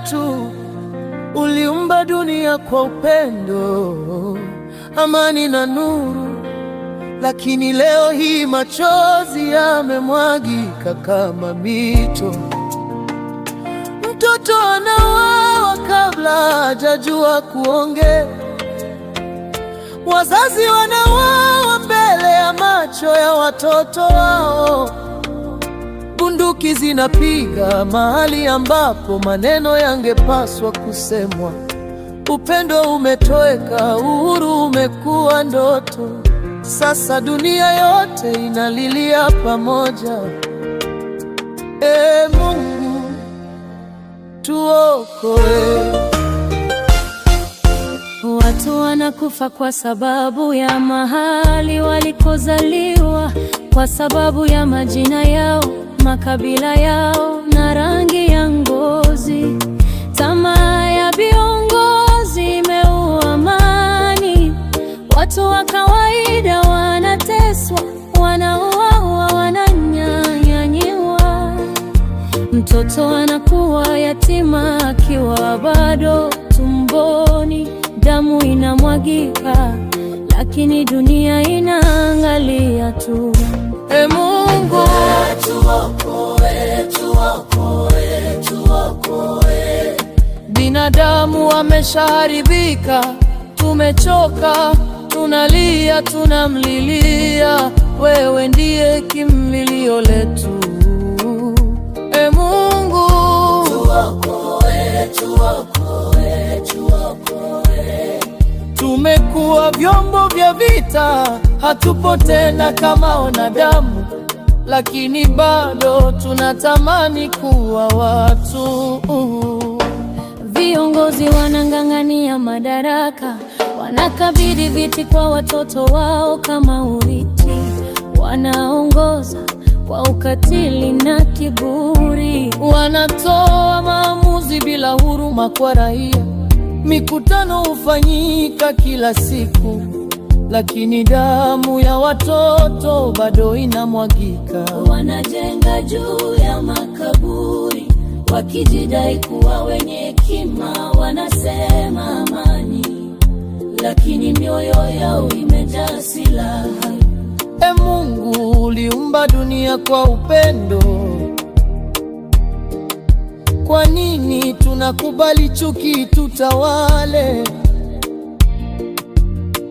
yetu, uliumba dunia kwa upendo, amani na nuru. Lakini leo hii machozi yamemwagika kama mito. Mtoto anawawa kabla hajajua kuongea, wazazi wanawawa mbele ya macho ya watoto wao bunduki zinapiga mahali ambapo maneno yangepaswa kusemwa. Upendo umetoweka, uhuru umekuwa ndoto. Sasa dunia yote inalilia pamoja. E Mungu, tuokoe. Watu wanakufa kwa sababu ya mahali walikozaliwa, kwa sababu ya majina yao makabila yao na rangi ya ngozi. Tamaa ya viongozi imeua amani, watu wa kawaida wanateswa, wanauawa, wananyanyanyiwa Mtoto anakuwa yatima akiwa bado tumboni, damu inamwagika, lakini dunia ina Tumeshaharibika, tumechoka, tunalia, tunamlilia wewe, ndiye kimbilio letu. E Mungu, tuokoe, tuokoe, tuokoe. Tumekuwa vyombo vya vita, hatupo tena kama wanadamu, lakini bado tunatamani kuwa watu. Viongozi wanang'ang'ania madaraka, wanakabidhi viti kwa watoto wao kama urithi. Wanaongoza kwa ukatili na kiburi, wanatoa maamuzi bila huruma kwa raia. Mikutano hufanyika kila siku, lakini damu ya watoto bado inamwagika. Wanajenga juu ya makaburi wakijidai kuwa wenye Umeumba dunia kwa upendo, kwa nini tunakubali chuki tutawale?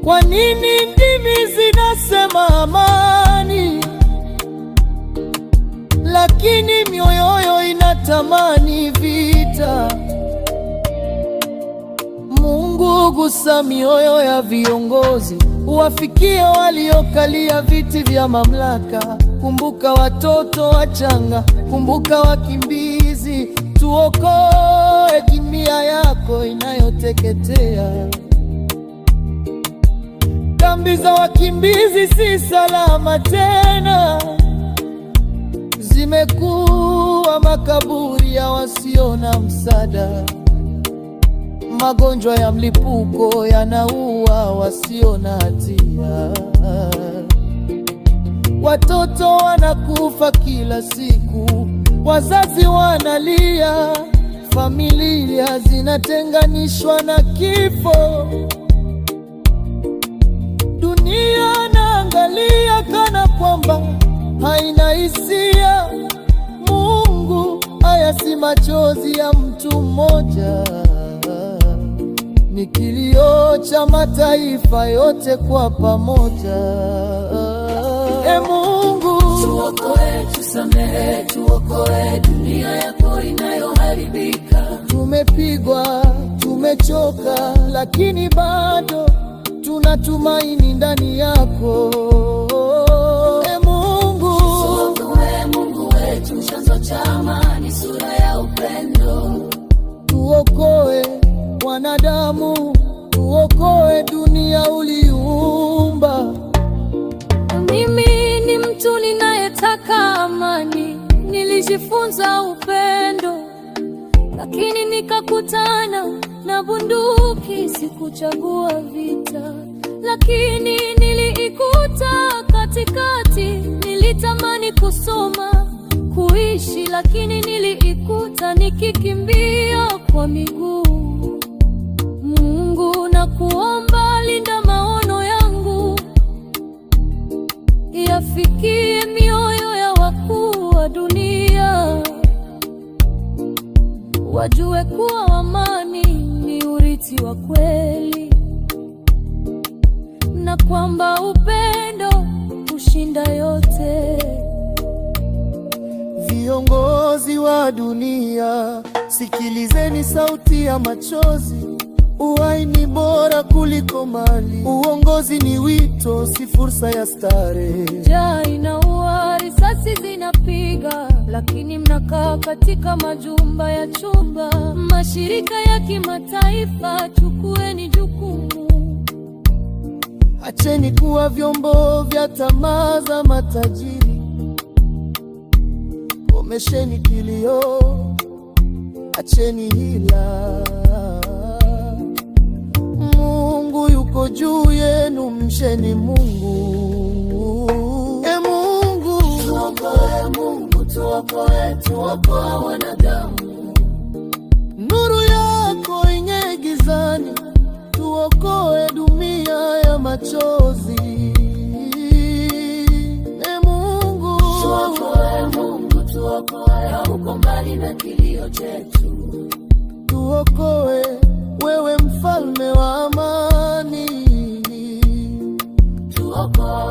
Kwa nini ndimi zinasema amani, lakini mioyoyo inatamani vita? Mungu, gusa mioyo ya viongozi, uwafikie waliokalia viti vya mamlaka kumbuka watoto wachanga, kumbuka wakimbizi, tuokoe kimia yako inayoteketea. Kambi za wakimbizi si salama tena, zimekuwa makaburi ya wasio na msaada. Magonjwa ya mlipuko yanaua wasio na hatia. Watoto wanakufa kila siku, wazazi wanalia, familia zinatenganishwa na kifo. Dunia naangalia kana kwamba haina hisia. Mungu, haya si machozi ya mtu mmoja, ni kilio cha mataifa yote kwa pamoja tuokoe, tusamehe, tuokoe dunia yako inayoharibika. Tumepigwa, tumechoka, lakini bado tunatumaini ndani yako. nilijifunza upendo, lakini nikakutana na bunduki. Sikuchagua vita, lakini niliikuta katikati. Nilitamani kusoma, kuishi, lakini niliikuta nikikimbia kwa miguu. wajue kuwa amani ni urithi wa kweli, na kwamba upendo hushinda yote. Viongozi wa dunia, sikilizeni sauti ya machozi. Uhai ni bora kuliko mali. Uongozi ni wito, si fursa ya starehe. Njaa inaua, risasi zinapiga lakini mnakaa katika majumba ya chumba. Mashirika ya kimataifa, chukueni jukumu. Acheni kuwa vyombo vya tamaa za matajiri. Komesheni kilio, acheni hila. Mungu yuko juu yenu, msheni Mungu. wapo wetu, wapo wanadamu. Nuru yako ing'ae gizani, tuokoe dunia ya machozi. E Mungu, tuokoe Mungu, tuokoe, hauko mbali na kilio chetu. Tuokoe wewe, mfalme wa amani, tuokoe